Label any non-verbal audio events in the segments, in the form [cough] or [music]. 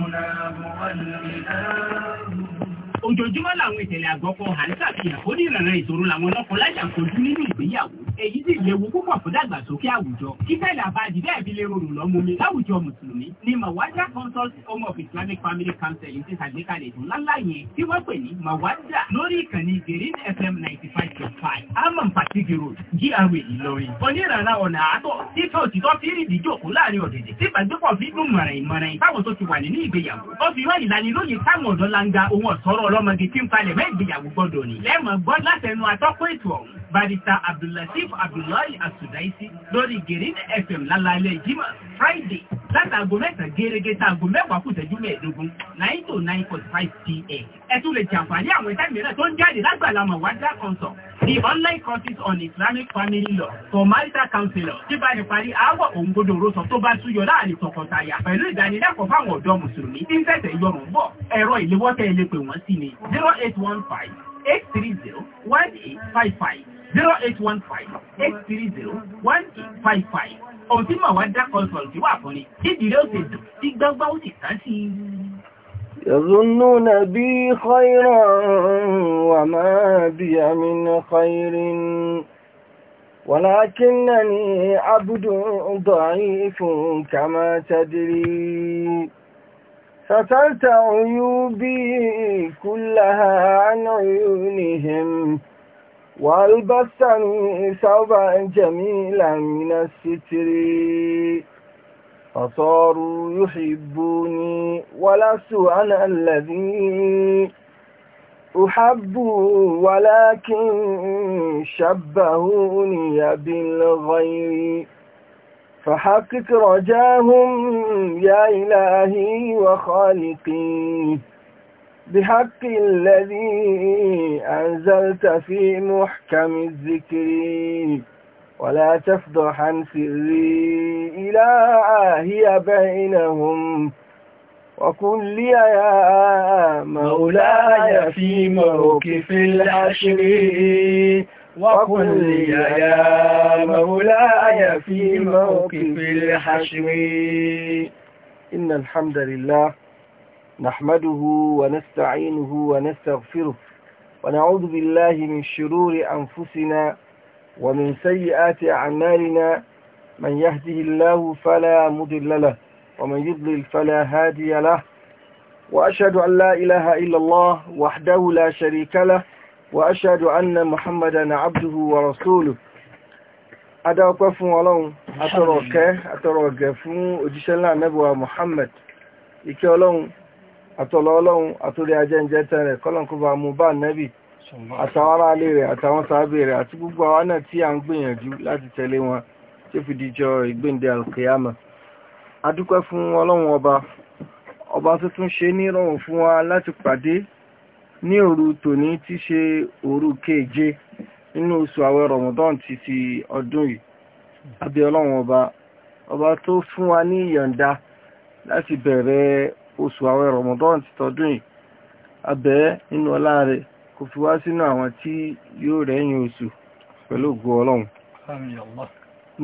ربنا هو الإله ojoojúmọ́ làwọn ìṣẹ̀lẹ̀ àgbọ̀kọ̀ àríkà fi hàn onírànràn ìṣòro làwọn ọlọ́kọ̀ láyà kojú nínú ìgbéyàwó èyí sì léwu púpọ̀ fún dàgbàsókè àwùjọ kíkẹ́lẹ̀ àbájì bẹ́ẹ̀ fi lè rọrùn lọ́mọmi láwùjọ mùsùlùmí ni mawaja consult home of islamic family counseling ti ṣàgbékalẹ̀ ètò ńláńlá yẹn tí wọ́n pè ní mawaja lórí ìkànnì gerin fm ninety five point five amam patigi road gra ìlọrin onírànràn ọ̀nà àtọ̀ títọ́ òtítọ́ fi rí ìdíjọ́ òkú láàrin ọ̀dẹ̀dẹ̀ tí ìbàdókọ̀ fi dùn mọ̀ràn ìmọ̀ràn táwọn tó ti wà nínú ìgbéyàwó ó fi wá ìlanilóye táwọn ọ̀dọ́ ọlọ́mọdé tí ń palẹ̀ mẹ́gbìyàwó gbọ́dọ̀ ní lẹ́mọ̀ gbọ́ látẹnu atọ́kùn ètò ọ̀hún barista abdullateef abdullahi asudaisi lórí gerin fm lálálẹ́ jimá friday látàgò mẹ́ta gẹ́gẹ́ tàgò mẹ́wàá kù tẹ́jú mẹ́ẹ̀ẹ́dógún nine to nine point five pm ẹ tún lè jàǹfààní àwọn ẹ̀ka mìíràn tó ń jáde lágbàlá mọ̀wádà consult the online courses on islamic family law for marital counselor tí bá ní parí aáwọ̀ òǹgodò rọ̀sọ̀ tó bá súyọ láàrin tọkọtaya pẹ̀lú ìdánilẹ́kọ̀ọ́ fáwọn ọ̀dọ́ mùsùlùmí tí ń tẹ̀sẹ̀ yọrùn bọ̀ ẹ̀rọ ìléwọ́tẹ̀ ilé wọ́n sí ni zero eight one five eight three zero one eight five five. 0815-830-1855. Òun tí màá wá dá consult wà fún ni, ìdílé ó ti dùn, tí gbọ́gbá ó ti kàn sí i. يظنون بي خيرا وما بي من خير ولكنني عبد ضعيف كما تدري سترت عيوبي كلها عن عيونهم والبسني ثوبا جميلا من الستر فصاروا يحبوني ولست انا الذي أحب ولكن شبهوني بالغير فحقق رجاهم يا إلهي وخالقي بحق الذي أنزلت في محكم الذكر ولا تفضح عن سري إلى هي بينهم وكن لي يا مولاي في موقف العشر وكن لي يا مولاي في موقف الحشر إن الحمد لله نحمده ونستعينه ونستغفره ونعوذ بالله من شرور أنفسنا ومن سيئات أعمالنا من يهده الله فلا مضل له ومن يضلل فلا هادي له وأشهد أن لا إله إلا الله وحده لا شريك له وأشهد أن محمدا عبده ورسوله adáwọ́pẹ́ fún ọlọ́run atọ́rọ̀ ọ̀kẹ́ atọ́rọ̀ ọ̀gẹ̀ fún òjíṣẹ́ ńlá nẹ́bùwà Muhammad ọlọ́run àtọ̀lọ́ ọlọ́run àtòrí ajẹ́ǹjẹ́ tẹ́ rẹ̀ kọ́lọ̀n kó bá mú bá nẹ́bì àtàwọn ará alé rẹ̀ àtàwọn sàábẹ̀ rẹ̀ àti gbogbo àwọn náà tí a ń gbìyànjú láti tẹ̀lé wọn tí fi dìjọ ìgbéǹde alkiyama adúpẹ́ fún ọlọ́run ọba ọba tó tún ṣe nírọ̀rùn fún wa láti pàdé ní òru tòní tí ṣe òru keje nínú oṣù àwẹ̀ Ramadan ti ti ọdún yìí abẹ́ ọlọ́run ọba ọba tó fún wa ní ìyọ̀ǹda láti bẹ̀rẹ̀ oṣù àwẹ̀ Ramadan ti tọdún yìí abẹ́ nínú ọlá rẹ̀ kò fi wá sínú àwọn tí yóò rẹ̀yìn oṣù pẹ̀lú ògo ọlọ́run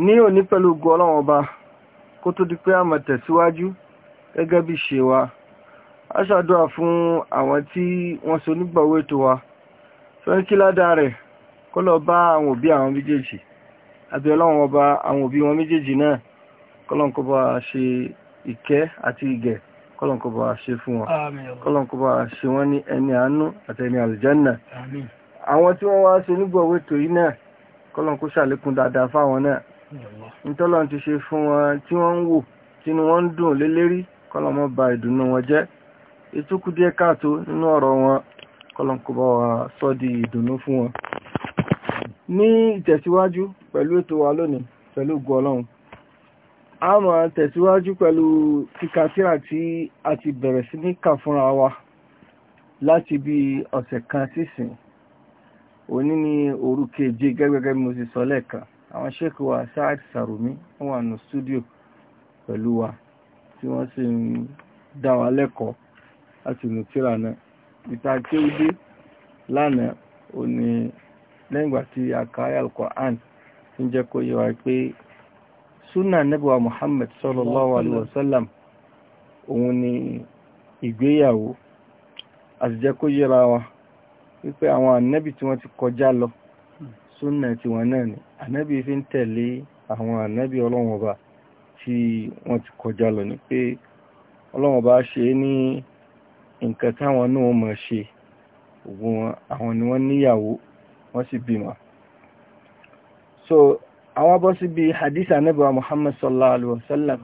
ní òní pẹ̀lú ògo ọlọ́run ọba kó tó di pé a máa tẹ̀síwájú gẹ́gẹ́ bí ṣe wa a ṣàdúrà fún àwọn tí wọ́n so nígbàwó ètò wa fẹ́ńkí ládàá rẹ̀ kó lọ bá àwọn òbí àwọn méjèèjì àbí ọlọ́run ọba àwọn òbí wọn méjèèjì náà kọ́lọ́nkọ́ bá ṣe ìkẹ́ àti ìgẹ̀ kọ́lọ̀nkọ́bà ṣe fún wọn kọ́lọ̀nkọ́bà ṣe wọ́n ní ẹni àánú àti ẹni àlùjànnà àwọn tí wọ́n wá ṣe nígbọ̀wé tó yí náà kọ́lọ̀nkọ́ ṣàlékún dáadáa fáwọn náà nítọ́lọ̀ ti ṣe fún wọn tí wọ́n ń wò tínú wọn ń dùn lélẹ́rí kọ́lọ̀mọ́ ba ìdùnnú wọn jẹ́ ìtúkù káàtó nínú ọ̀rọ̀ wọn kọ́lọ̀nkọ́bà sọ́ di ìdùnnú fún wọn a máa tẹ̀síwájú pẹ̀lú kíkàtíra tí a ti bẹ̀rẹ̀ sí ní kà fúnra wa láti bí ọ̀sẹ̀ kan sísìn òní ní òru keje gẹ́gẹ́gẹ́ mo sì sọ lẹ́ẹ̀kan àwọn ṣẹ́kù wa Saad Sarumi wọ́n wà ní stúdíò pẹ̀lú wa tí wọ́n sì ń dá wa lẹ́kọ̀ọ́ láti nù tíra náà ìta kéwúdé lánàá òní lẹ́yìn tí a ka ayé al ń jẹ́ kó yẹ wa pé súnà nẹ́bùwà Muhammad sallallahu alaihi wasallam òun ni ìgbéyàwó àtijẹ́ kó yẹra wa wípé àwọn ànẹ́bì tí wọ́n ti kọjá lọ súnà tí wọ́n náà ni ànẹ́bì fi ń tẹ̀lé àwọn ànẹ́bì ọlọ́wọ̀n tí wọ́n ti kọjá lọ ni pé ọlọ́wọ̀n ṣe ní nǹkan táwọn náà mọ̀ ṣe ògùn àwọn ni wọ́n níyàwó wọ́n sì bímọ àwọn bọ́ sí bí hadisa nẹ́bà Muhammad sallallahu alaihi wasallam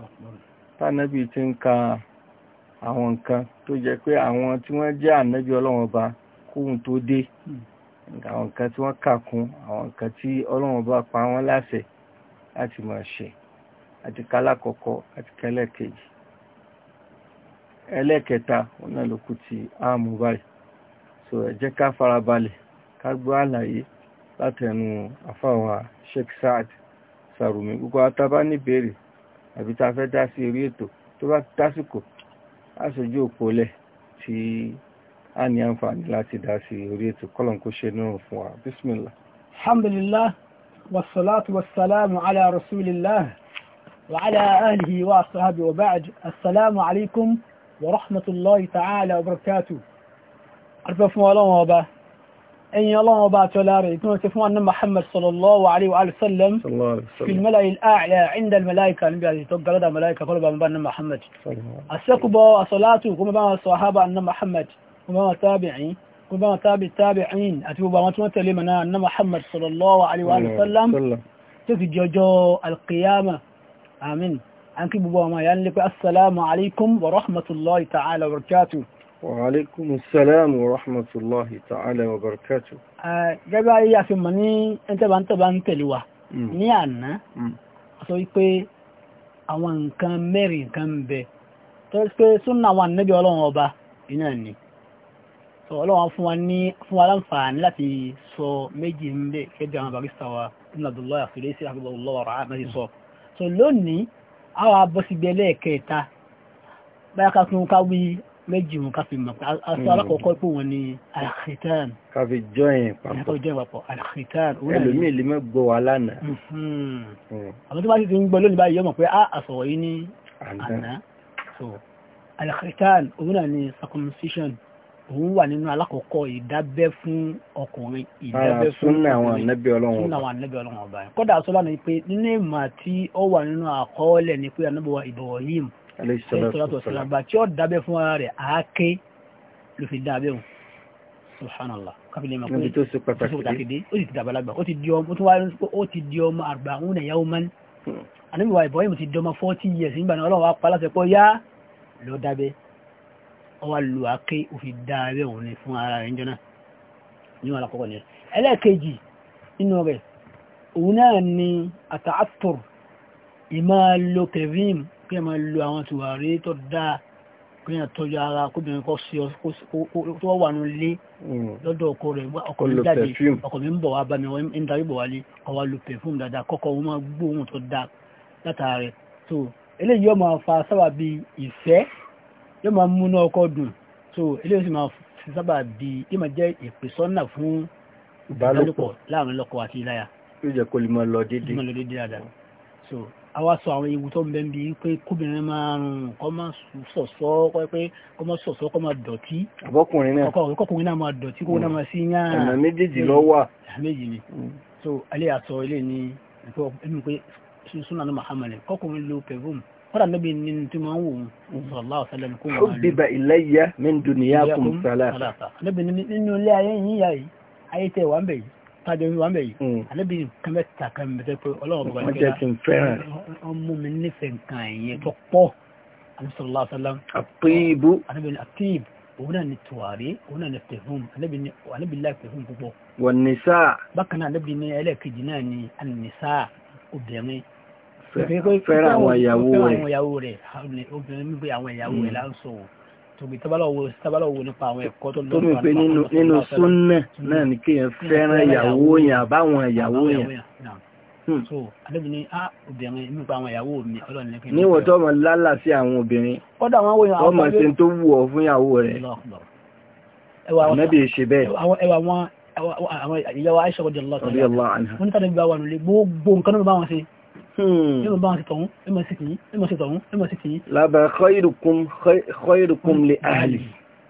tánàbí ti ń ka àwọn nǹkan tó jẹ́ pé àwọn tí wọ́n jẹ́ ànábí ọlọ́run ọba kóhun tó dé àwọn nǹkan tí wọ́n kà kún àwọn nǹkan tí ọlọ́run ọba pa wọ́n láṣẹ láti máa ṣe àti kálákọ̀ọ́kọ́ àti kẹlẹ́kejì ẹlẹ́kẹta ọ̀nà lókù ti àmú báyìí so ẹ ká farabalẹ̀ ká gbọ́ àlàyé látẹnu àfáwà Sheikh Saad Sarumi gbogbo àtàbá níbèrè àbí tá a fẹ́ dá sí orí ètò tó bá dásìkò aṣojú òpólẹ̀ tí a ní àǹfààní láti dá sí orí ètò kọ́lọ̀n kó ṣe náà fún wa bísmìlá. alhamdulillah wasalaatu wasalaamu ala rasulillah wa ala alihi wa sahabi wa ba'd assalamu alaikum wa rahmatullahi ta'ala wa barakatuh. arfa fún ọlọ́run ọba ẹ̀yìn ọlọ́run ọba àtọ́lá rẹ̀ tí wọ́n ti fún annan Muhammad sallallahu alaihi wa sallam fil mala'i al'a inda al-mala'ika níbi àti tó gara da mala'ika kọlu ba annan Muhammad a sẹ́kùbọ̀ a salatu kuma ba wọn sahaba annan Muhammad kuma wọn tabi'in kuma wọn tabi tabi'in àti gbogbo àwọn tí wọ́n tẹ̀lé mana annan Muhammad sallallahu alaihi wa sallam tó fi jọjọ alqiyama amin an kí gbogbo àwọn ya ń lè pé assalamu alaikum wa rahmatullahi ta'ala wa barakatuh وعليكم السلام ورحمة الله تعالى وبركاته. yí a fi mọ̀ ní ẹntẹ́bà لوا. tẹ́bà ń tẹ̀lé wa hmm. ní àná, hmm. sọ wípé àwọn nǹkan mẹ́rin nǹkan bẹ. Tọ́ pé súnà wà níbi ọlọ́run ọba iná ni. Sọ ọlọ́run fún wa ní fún wa láǹfààní láti sọ méjì ń bẹ kẹ́bí àwọn barista wa Ibn Abdullahi Àfìlẹ́sì Àfìlọ́wọ́ Ràá Mẹ́sì sọ. Sọ lónìí, àwọn abọ́sibẹ́lẹ̀ kẹta, báyà ká tún méjì wọn káfí mọ̀ aṣọ hmm. alákọ̀ọ́kọ́ pé wọ́n ni alkhitan káfí jọyìn papọ̀ alkhitan ẹlòmíì lè mẹ́gbọ́ wa lánàá hmm. hmm. àwọn tó bá ti ti ń gbọ́ lónìí báyìí yọmọ̀ pé ah, a àsọ̀wọ̀ yìí ní àná so alkhitan òun náà ni circumcision òun wà nínú alákọ̀ọ́kọ́ ìdábẹ́ fún ọkùnrin ìdábẹ́ fún àwọn ànábì ọlọ́run ọba kódà sọ́lá ni pé nínú ìmọ̀ tí ó wà nínú àkọọ́lẹ̀ ni sọ́lọ́tọ̀sọ́lọ́gbà tí ó dábẹ́ fún ara rẹ̀ àáké ló fi dábẹ́ hùn subhanallah káfílẹ̀ mọ̀ pé tó sì pàtàkì dé ó sì ti dàbàlagbà ó ti di ọmọ tó wáyé ó ti di ọmọ àgbà òun nà yàwó mọ́ni àníwá ìbọn yìí mo ti di ọmọ forty years nígbà náà ọlọ́run wa pa láti pọ́ yá lọ dábẹ́ ọ wá lu àáké ó fi dábẹ́ hùn ni fún ara rẹ̀ níjọ́nà ní wọn àkọ́kọ́ nìyẹn ẹlẹ́ẹ̀kejì inú rẹ̀ òun náà ni àtàtùr ìmáa lo kẹfíìmù kí ẹ máa lo àwọn tùwàrí tó dáa kí ẹ tọ́jú ara kóbìnrin kọ́ sí tó wà nù lé hmm. lọ́dọ̀ ọkọ rẹ̀ ọkọ mi jáde ọkọ mi ń bọ̀ wá bá mi wọ́n ń darí bọ̀ wá lé ọwá lo pẹ̀fúm dáadáa kọ́kọ́ wọn máa gbóhùn tó dáa látàrí so eléyìí yóò máa fa sábàbí ìfẹ́ yóò máa múná ọkọ dùn so eléyìí sì máa sábà bí yóò máa jẹ́ ìpèsọ́nà fún ìbálòpọ̀ láàrin lọ́kọ àti iláyà. yóò jẹ́ kó lè máa lọ déédéé àwa sọ àwọn ewu tó ń bẹ ń bi pé kóbìnrin máa rùn kó máa sọ̀sọ́ kó pé kó máa sọ̀sọ́ kó máa dọ̀tí. àbọ̀kùnrin náà ọkọ̀kùnrin náà máa dọ̀tí kó náà máa sí yán. ọ̀nà méjèèjì ló wà. méjì ni mm. so alẹ́ àtọ̀ ilé ni ẹni pé sunna ní Muhammad kọkùnrin lo pẹ̀fúm kọ́dà níbi ní tí máa ń wò ó mm. sallallahu alaihi wasallam kó wà. ó bíbá ilayya min duniyakum salasa. níbi nínú ilé ayé yín tájọ wíwá ń bẹ̀ yìí alẹ́bí hmm. nǹkan mẹ́ta kan bẹ̀ pé ọlọ́run bàbá ní kẹ́lá ọmọ mi nífẹ̀ẹ́ nǹkan ẹ̀yẹ tó pọ̀ alẹ́sọ̀rọ̀lá ọ̀sálá àpéèbó alẹ́bí ní àpéèbó òun náà ni tùwárí òun náà ni pẹ̀hùn alẹ́bí láì pẹ̀hùn púpọ̀. wọ́n nìsá. bákan náà alẹ́bí ní ẹlẹ́ẹ̀kejì náà ni ànìsá obìnrin fẹ́ràn àwọn ìyàwó rẹ̀ obìnrin gbé àwọn ìyàwó rẹ̀ láǹsọ̀ọ́ tòbí tábàlọ̀ wo nípa àwọn ẹ̀kọ́ tó lọ́wọ́ tó mú pé nínú súnnà náà hmm. ní kí yẹn fẹ́ràn ìyàwó yẹn àbáwọn ìyàwó yẹn so adébí ni á obìnrin nípa àwọn ìyàwó mi ọlọ́run lẹ́kẹ́ níwọ̀n tó ọmọ lálà sí àwọn obìnrin kọ́dà wọn wòyàn àwọn ọmọ tí tó wù ọ fún ìyàwó rẹ̀ ànábì ṣe bẹ́ẹ̀ ẹwà wọn àwọn ìyàwó aṣọ́gbọ́dẹ̀ lọ́sọ̀rọ̀ wọn ní tàbí bá wà nílé gbogbo nǹkan náà bá wọn ṣe Hmm. yóò bá wọn sí tọ̀hún ẹmọ̀ sí tìyí ẹmọ̀ sí tọ̀hún ẹmọ̀ sí tìyí. lábẹ́ khairukum khairukum li ahli.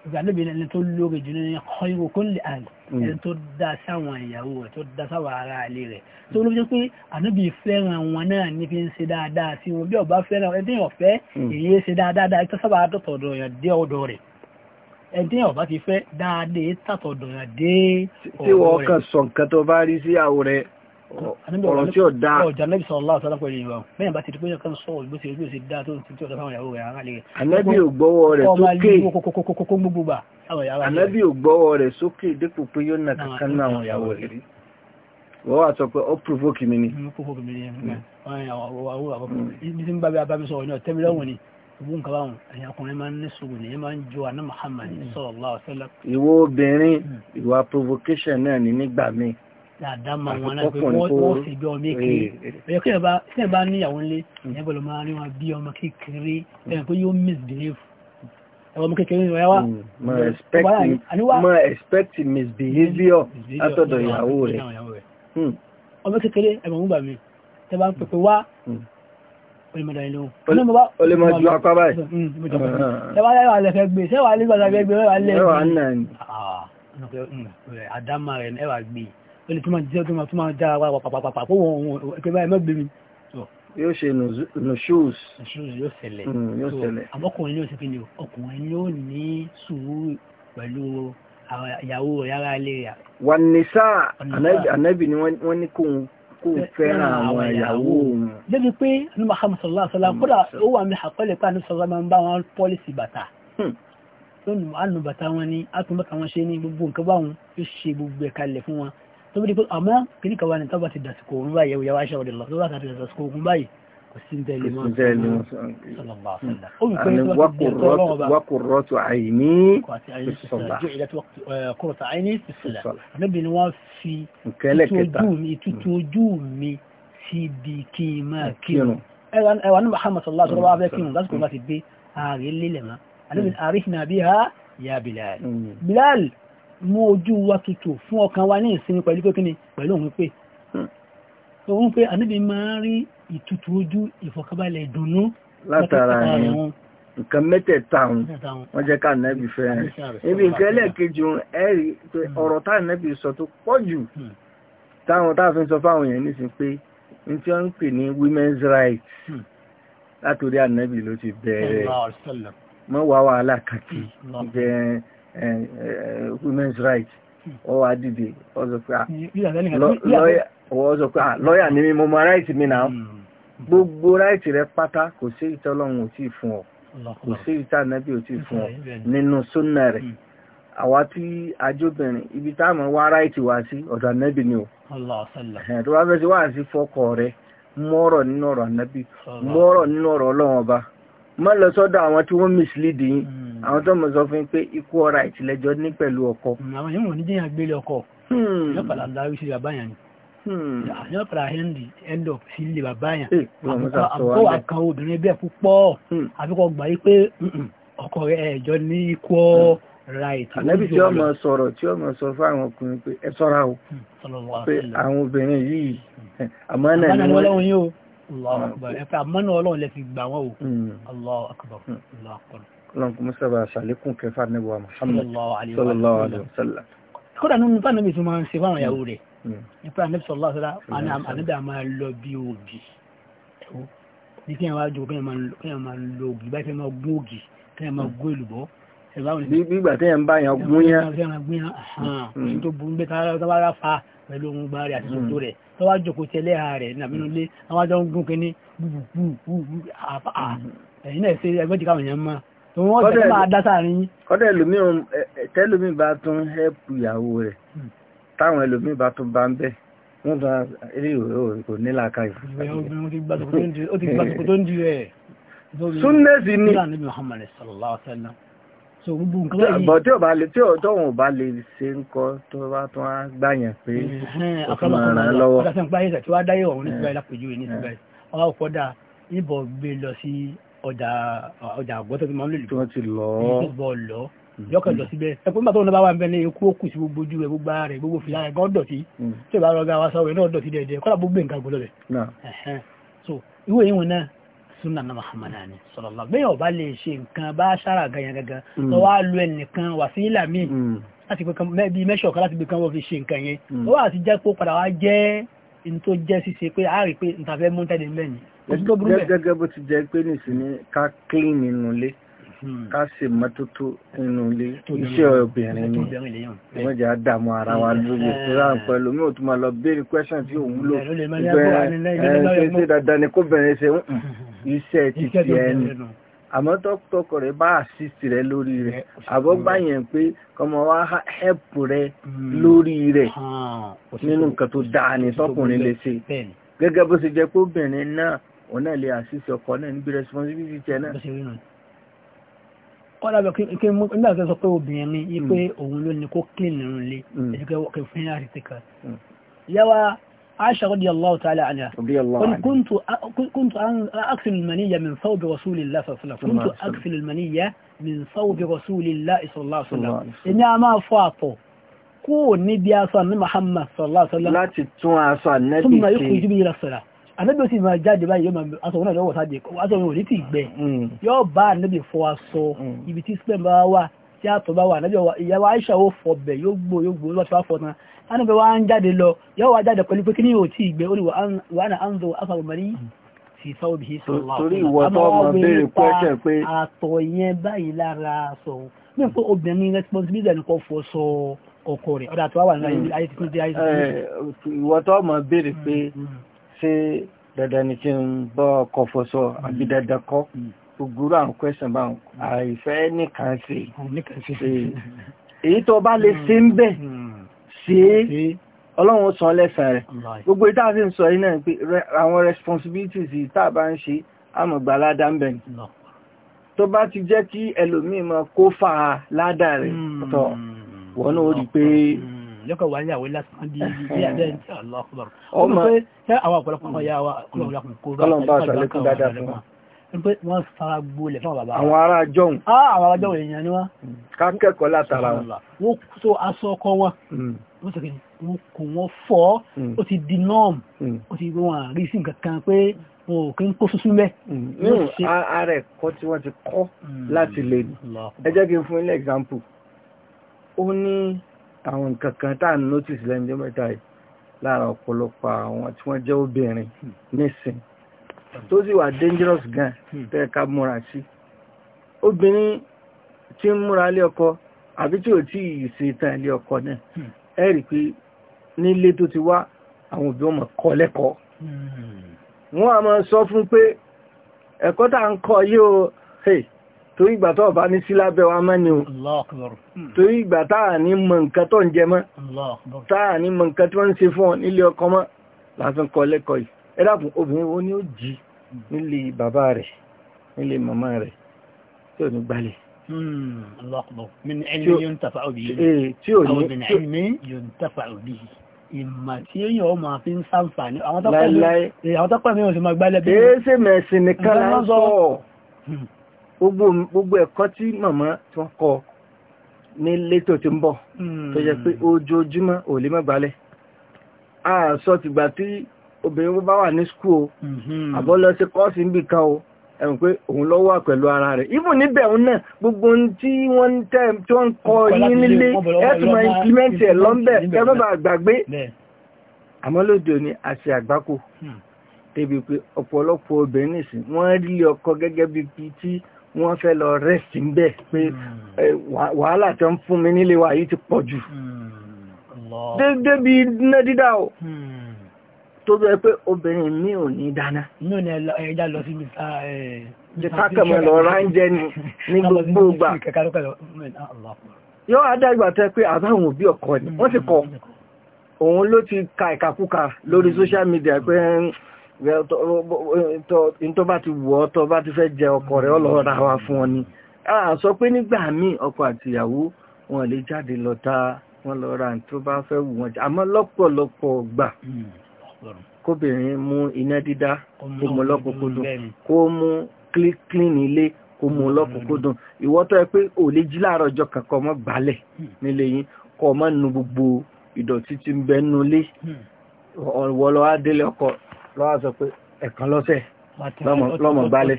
ìgbàlóbi ẹni tó lóore jù ní khairukum li ahli hmm. ẹni tó dá sáwọn ìyàwó rẹ̀ tó dá sáwọn ará ilé rẹ̀ tó ló jẹ́ pé ànábì fẹ́ràn wọn náà ní fi ń ṣe dáadáa sí wọn bí ọba fẹ́ràn ẹni tí yàn fẹ́ hmm. èyí ṣe dáadáa tó sábà tọ̀tọ̀ yàn dé ọ̀dọ̀ rẹ̀ ẹ̀dẹ́ ọ̀bá ti fẹ́ dáadé tàtọ̀dọ̀ yàn ọ̀rọ̀ rẹ̀. tí wọ́n kàn sọ tó bá rí sí àwọ̀ rẹ̀ ọ̀rọ̀ tí ó dáa ọjà nẹ́bí sọ̀rọ̀ láwọn sọ́lá pẹ̀lú ìwà mẹ́yìn bá ti rí pé yẹn kan sọ̀rọ̀ ìgbésí ojú ìṣe dáa tó ti ọ̀dọ̀ fáwọn ìyàwó rẹ̀ ara lè. ànábì ò gbọ́wọ́ rẹ̀ sókè kókókókókó gbogbo bà. ànábì ò gbọ́wọ́ rẹ̀ sókè dípò pé yóò nà kankan náà àwọn ìyàwó rẹ̀ rí. wọ́n wà sọ pé ó provoke mi ni. provoke mi ni ibi mm. mm. tí ń bá bá mi sọ̀rọ̀ ní ọ̀tẹ́mílẹ́wọ̀n ni gbogbo nǹkan báwọn ẹ̀yìn ọkùnrin máa ń ní sùúrù ní máa ń jọ àná Muhammad mm. sallallahu alaihi wasallam. ìwọ obìnrin ìwà provocation náà ní nígbà míì dáadáa máa wọn náà pé wọ́n sì jọ mékèé ẹ̀yọ́ kí ẹ̀ bá níyàwó ńlé ẹ̀yẹ́ bọ̀lọ̀ máa rí wọn bí ọmọ kékeré ẹ̀yìn pé yóò misbehave ẹ̀wọ̀ ọmọ kékeré ni wọ́n wá expect misbehavior látọ̀dọ̀ ìyàwó rẹ̀ ọmọ kékeré ẹ̀mọ̀ gbà mí tẹ́ bá ń pèpè wá olè máa ju olè tó máa jẹ́ tó máa tó máa dára wà pàpàpàpà kó wọn ohun ẹgbẹ́ báyìí mọ́gbé yóò ṣe nùṣúùs. nùṣúùs yóò ṣẹlẹ̀. àmọ́kùnrin ni ó ṣe kí ni o ọkùnrin ni ó ní sùúrù pẹ̀lú ìyàwó rẹ̀ ara ilé rẹ̀. wà ní sáà ànábì ni wọ́n ní kó kó fẹ́ràn àwọn ìyàwó òun. débi pé ní mahama sọlá sọlá kódà ó wà mí àkọọ́lẹ̀ pé àní sọlá máa ń bá wọn pọ́lísì bàtà lónìí hmm. àánú bàtà wọn ni àtúntò bàtà wọn ṣe ní gbogbo nǹkan báwọn ṣe gbogbo ẹ̀ka ilẹ̀ fún wọn tó bí pé àmọ́ kìí kàwá ní tábà ti dàsìkò òun báyìí ẹ̀wù yàwá aṣáwọ̀dì lọ tó bá kàtà dàsìkò òun báyìí kò sí ń tẹ́lẹ̀ mọ́ wákùrọ̀tù àìní sọ̀lá kùrọ̀tù àìní sọ̀lá anábì ni wọ́n fi ìtútù mm. ojú mi síbi kí n máa kírun ẹwà ní Muhammad sọ̀lá tó bá fẹ́ kírun lásìkò bá ti gbé ààrẹ lélẹ̀ mọ́ anábì mm. àrífin àbí ha ya Bilal mm. Bilal mú ojú wa tutù fún ọkàn wa ní ìsinmi pẹ̀lú pé kíni pẹ̀lú òun pé hmm. òun pé àníbi máa ń rí ìtutù ojú ìfọ̀kànbalẹ̀ ìdùnnú látara ẹ̀hún nǹkan mẹ́tẹ̀ẹ̀ta wọn wọ́n jẹ́ ká nẹ́bì fẹ́ ibi nǹkan ẹlẹ́ẹ̀kejì ẹ̀rí pé hmm. ọ̀rọ̀ tá nẹ́bì sọ tó pọ̀ jù hmm. táwọn táàfin sọ fáwọn èèyàn nísìn pé n tí wọ́n ń pè ní women's rights látòrí ànẹ́bì ló ti bẹ̀rẹ̀ mọ́ wá wàhálà kàkì Uh, women's rights or wá dìde ọ ni mi mo mọ right mi náà hmm. gbogbo rights rẹ pátá kò sí ò tí ì fún ọ kò sí ìta ò tí ì fún ọ hmm. nínú rẹ. Hmm. àwa ibi wá ráìtì wá sí ọ̀dọ̀ ni o tó bá fẹ́ sí wá sí mọ́rọ̀ nínú ọ̀rọ̀ mọ́rọ̀ nínú ọ̀rọ̀ má lọ sọ́dọ̀ àwọn tí wọ́n mislead yín hmm. àwọn tó mọ̀ sọ fún pé ikú ọ̀rá ìtìlẹ́jọ́ ní pẹ̀lú ọkọ. Hmm, àwọn yìí wọ́n ní jẹ́yàn gbélé ọkọ hmm. yóò padà dáwí sí bàbá yẹn ni ah, yóò padà hẹ́ndì ẹ̀ndọ̀ sí ilé bàbá yẹn eh, àbúkọ́ àkàn obìnrin bẹ́ẹ̀ púpọ̀ àbíkọ́ gbà yí pé ọkọ rẹ̀ ẹ̀jọ́ ní ikú right. ànábì tí ọmọ sọ̀rọ̀ tí ọmọ sọ fún àwọn ọkùnrin pé ẹ ṣọ́ra o pé àwọn obìnrin yìí eh, Allahu akbar ẹ̀fẹ́ àmọ́nà ọlọ́run lè fi gbà wọ́n o hmm. Allahu akbar hmm. Allahu akbar. ọlọ́run kò mú sábà ṣàlékún kẹfà níbo Muhammad sallallahu alayhi wa sallam. kódà nínú bá nàbì tó máa ń ṣe fáwọn ìyàwó hmm. rẹ̀ nípa ànábì sallallahu alayhi wa sallam ànábì àmà lọ lo ògì báyìí kí máa gbó ògì kí máa gbó èlùbọ́ gbígbà tẹ́yẹ̀ ń bá yàn gúnyán ṣe tó burú gbé tábára fa pẹ̀lú ohun gba rẹ̀ àti sòtò hmm. rẹ̀ tó wá jòkó tẹ́lẹ̀ rẹ̀ nàbínú hmm. lé àwọn àjọ ń gún kínní hmm. ẹ̀yìn náà ṣe ẹgbẹ́ jìkà òyìn mọ́ tó wọ́n tẹ́lẹ̀ máa dá sáàrin yín. kọ́dẹ̀ tẹ́lómi bá tún hẹ́pù ìyàwó rẹ̀ táwọn ẹlòmí bá tún bá ń bẹ̀ wọ́n tún eré ìwé kò ní làákà yìí. ó ti gbàsùkò tó ń di rẹ̀. súnnẹ́sì ni so gbogbo nǹkan báyìí. bọ̀ tí ò bá lè tí ò tóun bá lè ṣe ń kọ́ tó bá tún á gbàyàn pé ó fún ara lọ́wọ́. ọ̀gá sẹ́ńpá ayé tí wàá dáyé ọ̀hún ní síbáyé lápèjúwe ní síbáyé ọ̀gá òkú ọ̀dà níbọ̀ gbé lọ sí ọjà ọjà àgọ́ tó fi máa ń lò lù. ti lọ. bọ̀ lọ yọkàn síbẹ̀ ẹ̀pọ̀ nígbà tó ń bá wà ń bẹ ní ikú òkú sí gbogbo ojú rẹ̀ gbogbo rẹ̀ gbogbo fìlà rẹ̀ gan dọ̀tí tí ò bá rọgá wa sọ rẹ̀ náà dọ̀tí dẹ̀dẹ̀ kọ́lá gbogbo nǹkan gbọ́dọ̀ rẹ̀ súnà na mahamana ni sọlọlọ bẹ́ẹ̀ ọba lè ṣe nǹkan bá ṣára ganyan gangan mm. tó wá lu ẹnìkan wà sí ìlà míì mm. láti pé bí mẹ́ṣọ̀ kan láti pé kan wọ́n fi ṣe nǹkan yẹn tó wà sí jẹ́ pé padà wá jẹ́ n tó jẹ́ ṣíṣe pé a rí pé n tàfẹ́ mú tẹ́lẹ̀ mẹ́ni. gẹ́gẹ́ bó ti jẹ́ pé nìsinmi ká clean nínú ilé hmm. ká ṣe mọ́tótó nínú ilé iṣẹ́ obìnrin ni wọ́n jẹ́ àdàmú ara wa hmm. lóye eh. tóra pẹ̀lú mi ò tún máa lọ béèrè question tí ò wúlò ìgbẹ́ eh, ẹ̀ ṣe dandan ni kó bẹ̀rẹ̀ ṣe ń hmm iṣẹ́ ti ti ẹnu àmọ́ tọ́kọ rẹ̀ bá assist rẹ̀ lórí rẹ̀ àbọ̀ gbà yẹn pé kọmọ wá help rẹ̀ hmm. lórí rẹ̀ nínú nǹkan tó dáa ní tọkùnrin lè ṣe gẹ́gẹ́ bó ṣe jẹ́ pé obìnrin náà òun náà lè assist ọkọ náà níbi responsibility tiẹ̀ náà. kọ́lá bẹ̀ kí n nígbà tó sọ pé obìnrin ni ipe pé hmm. òun ló ní kó clean nínú ilé ẹ̀jẹ̀ kẹfìn àti tìkà yẹ́wàá عائشة رضي الله تعالى عنها رضي الله عنها كنت كنت أغسل المنية من ثوب رسول الله صلى الله عليه وسلم كنت أغسل المنية من ثوب رسول الله صلى الله عليه وسلم إني ما فاطو kúrò níbi aṣọ ní Muhammad sallallahu alaihi wasallam láti tún aṣọ ànẹ́bì tí túnmà yóò kú jíbi ìrọ̀sọ̀lá ànẹ́bì sì máa jáde báyìí yóò máa aṣọ òun náà lọ́wọ́ sáàdì aṣọ òun ò ní ti gbẹ mm. yóò bá ànẹ́bì fọ aṣọ mm. ibi tí sperm bá wà tí àtọ̀ bá wà lọ́jọ́ ìyàwó Aisha ó fọbẹ̀ yóò gbó yóò gbó lọ́tí wá fọ́tán anúbẹ̀ wá ń jáde lọ yóò wá jáde pẹ̀lú pé kí ní ò tí ìgbé oníwà wà náà ń zo afẹ́gbẹ̀mọ́rí fi sọ obì torí ìwọ tó ọmọ eh, béèrè pẹ́ṣẹ̀ sọ mí ni kí n bọ́ ọkọ fọ àbí mm, dandan kọ́ mm ògúrú àwọn question bá hmm. àìfẹ́ nìkan hmm, sí èyí tó bá lè sí hmm. ń bẹ̀ sí ọlọ́run san lẹ́sàn rẹ̀ gbogbo ìta fi ń sọ iná pé àwọn responsibilities ìta bá ń ṣe àmọ̀gbà ládá ń bẹ̀ ni tó bá ti jẹ́ kí ẹlòmíì máa kó fà á ládà rẹ̀ tọ̀ wọ́n náà rí pé lọ́kọ̀ wà ní àwọn lásán di ilé [laughs] abẹ́ ní aláàkúbọ̀rọ̀ ọmọ pé àwọn ọ̀pọ̀lọpọ̀ ọmọ yà wà kúrò lákùnkúrò pé wọ́n fara gbolẹ̀ fún bàbá àwọn ará jọun àwọn ará jọun èèyàn ni wọ́n hmm. kákẹ́kọ̀ọ́ látara wọn wọ́n so aṣọ ọkọ wọn hmm. wọ́n sọ pé wọ́n kò wọ́n fọ́ hmm. ó ti di norm ó ti wọ́n àrí sí nǹkan kan pé wọn ò kí ń kó súnsún mẹ́ ààrẹ ẹ̀kọ́ tí wọ́n ti kọ́ láti lè ní ẹ jẹ́ kí n fún ilé example ó ní àwọn nǹkan kan tá à ń notice lẹ́nu jẹ́ mẹ́ta lára ọ̀pọ̀lọpọ̀ àwọn tí wọ́n jẹ́ obìnrin nísìnyí tó sì wà dangerous gan hmm. tẹ́ ká múra sí obìnrin tí ń múra lé ọkọ àbí tí ò tí ì ṣe tán ilé ọkọ náà hmm. ẹ rí i pé nílé tó ti wá àwọn òbí ọmọ kọ́ lẹ́kọ̀ọ́ hmm. wọ́n a máa sọ fún pé ẹ̀kọ́ tá ń kọ́ yí o torí ìgbà tó bá ní sí lábẹ́ wa mọ́ ni o torí ìgbà táà ní mọ̀ nǹkan tó ń jẹ mọ́ táà ní mọ̀ nǹkan tó ń ṣe fún ọ nílé ọkọ mọ́ lásán kọ́ lẹ́kọ̀ọ́ yìí ẹ̀dàkùn obìnrin wo ni ó jí nílé bàbá rẹ̀ nílé màmá rẹ̀ tí ò ní gbalẹ̀ hmm, eh, tí ò ní ìmà tí èyàn ọmọ àfi ń sáǹfàní àwọn tọ́pọ̀ mìíràn sí ma gbálẹ̀ bí i ṣe mẹ̀sìn nìkan lásọ̀ gbogbo ẹ̀kọ́ tí màmá tí wọ́n kọ ní létò tí ń bọ̀ tó jẹ́ pé hmm. ojoojúmọ́ ò lè má gbálẹ̀ àà sọ tìgbà tí obìnrin bó bá wà ní skul o mhm. àbọ̀ lọ sí kọ́ọ̀sì níbì kan o ẹ̀rùn pé òun lọ wà pẹ̀lú ara rẹ̀ ibù níbẹ̀ òun náà gbogbo tí wọ́n tẹ́ tí wọ́n kọ yín nílé ẹ̀tùmọ̀ implement ẹ̀ lọ́mbẹ̀ ẹgbẹ́bà àgbàgbé àmọ́ lóde òní àṣẹ àgbákò hmm. débi pé ọ̀pọ̀lọpọ̀ obìnrin nìsín wọ́n rí lé ọkọ gẹ́gẹ́ bí bí tí wọ́n fẹ́ lọ rest ń bẹ̀ pé hmm. wàhálà tó ń fún mi nílé wa yìí ti pọ̀ jù hmm. débi iná dídá o. tó bẹ́ẹ̀ pé obìnrin mi ò ní dáná. mi ò ah, eh, [laughs] ní lọ sí mr. ìtàkàmọ̀ lọ ránjẹ́ ni ní gbogbo ìgbà. yóò adágbà tẹ́ pé àbáwọn òbí ọkọ ni wọ́n ti mm, kọ́ òun ló ti ka ìkàkúkà lórí mm. social media pé n tó bá ti wù ọ́ tó bá ti fẹ́ jẹ ọkọ rẹ̀ ọlọ́ra wa fún ọ ni. a sọ pé nígbà míì ọkọ wọn lè jáde lọ ta wọn lọ ra tó bá fẹ́ wù wọn kóbìnrin mú iná dídá kó mú lọ́kùnkúndùn kó mú clean ilé kó mú lọ́kùnkúndùn ìwọ tó yẹ pé ò lè jí láàárọ̀ ọjọ́ kan kó má gbálẹ̀ nílé yín kó má nu gbogbo ìdọ̀tí tí ń bẹ nínú ilé ọ̀wọ́ hmm. lọ́wọ́ délé ọkọ lọ́wọ́ sọ pé ẹ̀kan lọ́sẹ̀ lọ́mọ gbálẹ̀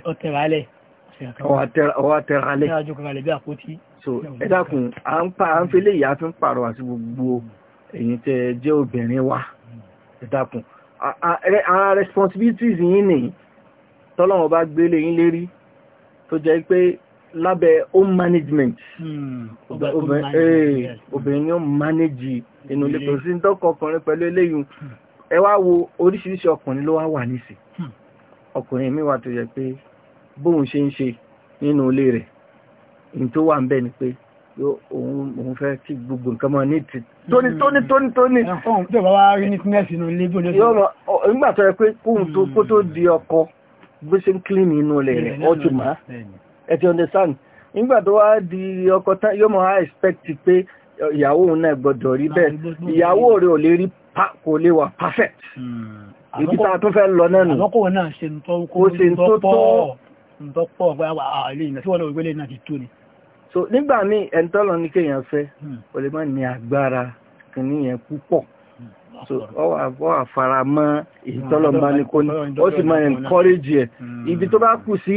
ọwọ́ tẹ̀rálẹ̀ so ẹ dákun à ń fi lè yà fi ń pàrọ̀ àti gbogbo èyí hmm. tẹ́ jẹ́ obìnrin wa. Hmm ìdàkùn àwọn responsibilities yìí nìyí tọ́lọ́wọ́n bá gbélé yín lérí tó jẹ́ pé lábẹ́ home management hmm, eh, obìnrin ni ó manage inú ilé kò sí tọ́kọ ọkùnrin pẹ̀lú eléyìí ẹ wá wo oríṣiríṣi ọkùnrin ló wá wà nísì hmm. ọkùnrin mi wà tó jẹ́ pé bóun ṣe ń ṣe nínú ilé rẹ̀ ní tó wà ń bẹ̀ ni pé fẹ́ tí gbogbo nǹkan mọ́ ní ti tóní tóní tóní tóní. ọ̀hún bá wá rí ní tínẹ́sì inú ilé bóde. yọ̀rọ̀ nígbà tó yẹ pé kóhun tó kó tó di ọkọ bó ṣe ń kílìmì inú ilẹ̀ rẹ̀ ọjọ́ ẹ ti understand nígbà tó wá di ọkọ tán yóò mọ̀ á expect pé ìyàwó òun náà gbọ́dọ̀ rí bẹ́ẹ̀ ìyàwó rẹ̀ ò lè rí kò lè wà perfect ibi tá a tún fẹ́ lọ àlọ́kọ̀ so nígbà míì ẹ̀ńtọ́lọ ní kéèyàn fẹ́ o hmm. lè má ní agbára kìíní yẹn púpọ̀ hmm. so ọwọ́ àfara mọ́ ìtọ́lọ máa ní kó ní hmm. ó sì máa encourage ẹ̀ ibi tó bá kù sí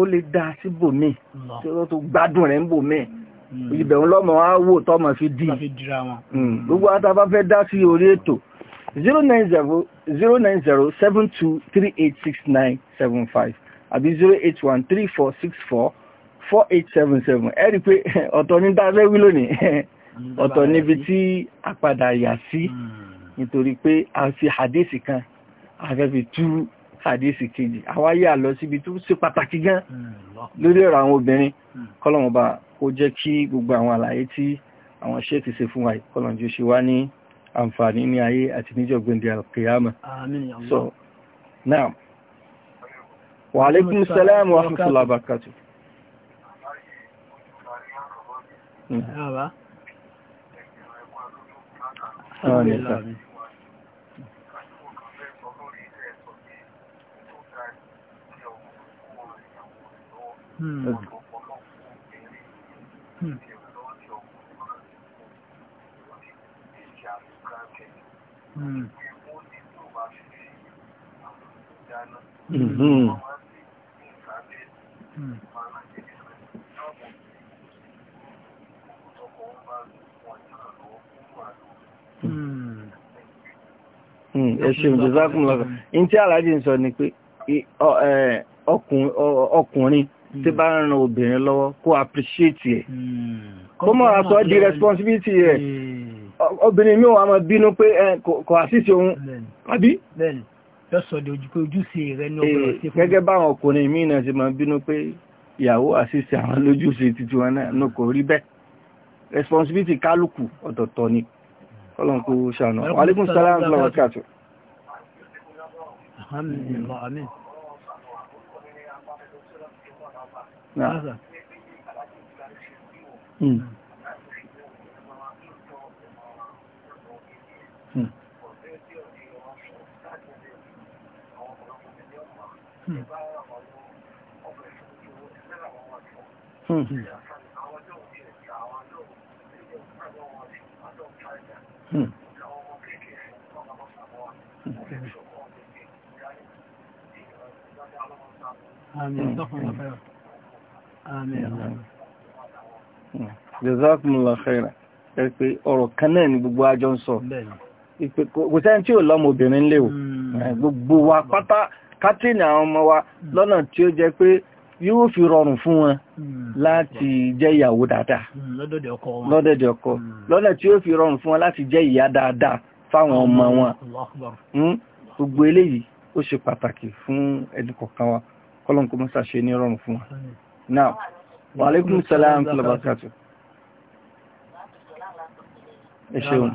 ó lè dá síbòmíì tí ó tó gbádùn rẹ̀ ń bòmíì ibẹ̀ ń lọ́mọ á wò tọ́mọ fi dì gbogbo àtàbá fẹ́ dá sí orí ètò 090 090 72386975 àbí zero eight one three four six four four eight seven seven ẹ rí i pé ọ̀tọ̀ ní dáfẹ́ wí lónìí ọ̀tọ̀ níbi tí a padà yà sí hmm. nítorí pé a fi hadisi kan a fẹ́ fi tú hadisi kejì àwa yà lọ síbi tó ṣe pàtàkì gan hmm, lórí ọ̀rọ̀ àwọn obìnrin hmm. kọ́lọ́mọba kó jẹ́ kí gbogbo àwọn àlàyé tí àwọn ṣe ti ṣe fún wa kọ́lọ́njú ṣe wá ní àǹfààní ní ayé àti níjọ́ gbẹ̀ndẹ̀ al So now. Wa alaikum salam wa rahmatullahi wa barakatuh. Hmm. Hmm. Mm-hmm ẹ ṣeun jẹ́sákùn lọ́gbà in tí aláàjì ń sọ ni pé ọkùnrin hmm. tí bá ń ran obìnrin lọ́wọ́ kó appreciate ẹ̀ hmm. kó mọ́ àtọ́ di hmm. responsibility ẹ̀ obìnrin mi wà máa bínú pé kò àṣìṣe òun àbí lọ́sọ̀dẹ̀ ojú pé ojúṣe rẹ̀ ní ọgbọ̀n eh, ṣe fún. gẹ́gẹ́ báwọn ọkùnrin míì náà ṣe máa bínú pé ìyàwó àṣìṣe àwọn lójúṣe títí wọn náà ní kò rí bẹ́ẹ̀ responsibility kálukú ọ̀tọ̀ọ̀tọ̀ ni ọlọ́run kò ṣàánú alaikum salaam lọ́wọ́ kàtó. Mm. Jazakumullah khairan. Ẹ pé ọ̀rọ̀ kan náà ni gbogbo àjọ ń sọ. Kò sẹ́ni tí ò lọ́mọ obìnrin léwu. Hmm. Gbogbo wa pátá kátírìnì àwọn ọmọ wa hmm. lọ́nà tí ó jẹ pé yóò fi rọrùn fún wọn hmm. láti jẹ́ ìyàwó dáadáa hmm, lọ́dẹ̀dẹ̀ ọkọ lọ́nà tí ó fi rọrùn fún wọn láti jẹ́ ìyá dáadáa fáwọn ọmọ wọn gbogbo eléyìí ó ṣe pàtàkì fún ẹni kọ̀ọ̀kan wa kọ́lọ́nkó mọ́sá ṣe ní rọrùn fún wa now wa alaikum salaam tó lọ́bàá kàtó ẹ ṣeun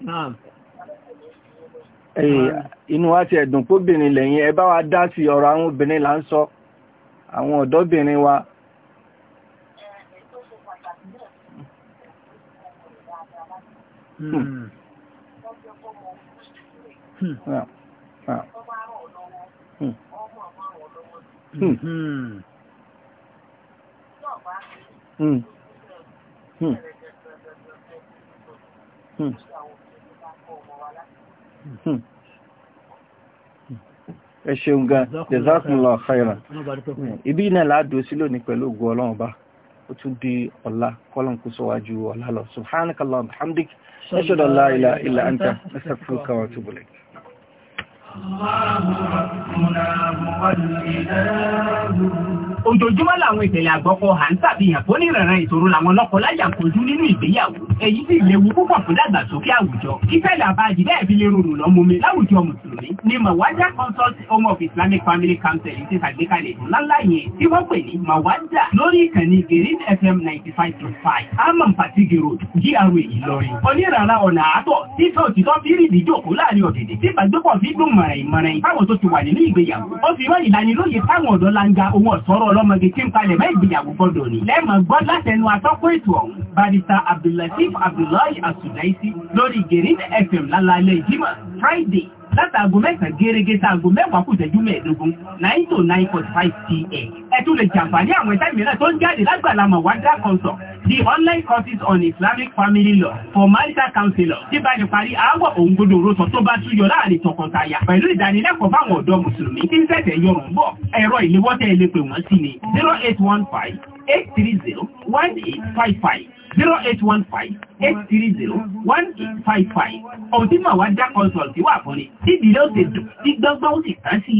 Naam. inú wa ti ẹ̀dùn póbìnrin lẹ́yìn ẹ bá wa dá sí ọ̀rọ̀ àwọn obìnrin là ń sọ àwọn ọ̀dọ́bìnrin wa Hmm. Hmm. Hmm. ẹ ṣeun gan jazakumullahu khairan ibi iná láàdó sí lónìí pẹ̀lú ògùn ọlọ́run bá ó tún di ọ̀la kọ́lọ̀n kó sọ́wájú ọ̀la lọ subhanakallah alhamdik ashhadu an la ilaha illa anta astaghfiruka wa atubu ilayk الله ربنا مولداه ojoojúmọ́ làwọn ìṣẹ̀lẹ̀ àgbọ̀kọ̀ à ń sàbíyàn fún ìrànràn ìṣòro làwọn lọ́kọ láyà kojú nínú ìgbéyàwó èyí sì léwu púpọ̀ fún dàgbàsókè àwùjọ kíkẹ́lẹ̀ àbájì bẹ́ẹ̀ fi lè rọrùn lọ mumi láwùjọ mùsùlùmí ni mawaja consult home of islamic family council ti ṣàgbékalẹ̀ ìlú ńláńlá yẹn tí wọ́n pè ní mawaja lórí ìkànnì gerin fm ninety five to five amam patigi road gra ìlọrin onírànràn ọ̀nà àtọ̀ títọ́ òtítọ́ fi rìn ìjókòó láàrin ọ̀dẹ̀dẹ̀ tí ìbàgbẹ́pọ̀ fi dùn mọ̀rẹ̀ ìmọ̀rẹ̀ táwọn tó ti wà nínú ìgbéyàwó ó fi mọ́ ìlanilóye táwọn ọ̀dọ́ langa ohun ọ̀sọ́rọ̀ ọlọ́mọdé tí ń palẹ̀ mẹ́ ìgbìyàwó gbọ́dọ̀ ni. lẹ́mọ̀ gbọ́ látẹnu atọ́kùn ètò ọ̀hún barista abdullatif abdullahi asudaisi lórí gerin fm lálálẹ́ ìjímọ̀ friday látàgò mẹ́sàn gẹ́rẹ́gẹ́ sáàgò mẹ́wàá kù ìṣẹ́jú mẹ́ẹ̀ẹ́dógún nine to nine forty five pm ẹ tún lè jàǹfààní àwọn ẹ̀dá mìíràn tó ń jáde lágbàlá mọ̀wádà consult the online courses on islamic family law for marital counselor tí bá ní parí aáwọ̀ òǹgbodò rọ̀sọ tó bá tún yọ láàrin tọkọtaya pẹ̀lú ìdánilẹ́kọ̀ọ́ fáwọn ọ̀dọ́ mùsùlùmí tí ń ṣẹ̀ṣẹ̀ yọrùn bọ̀ ẹ̀rọ ìléwọ́tẹ̀ ilé pè wọ́n sí ni zero eight one five eight three zero one 08158301855 ọ̀tí màá wá dá consult wà fún ni tí ìdílé ó ti dọ́gbọ́n ó sì tán sí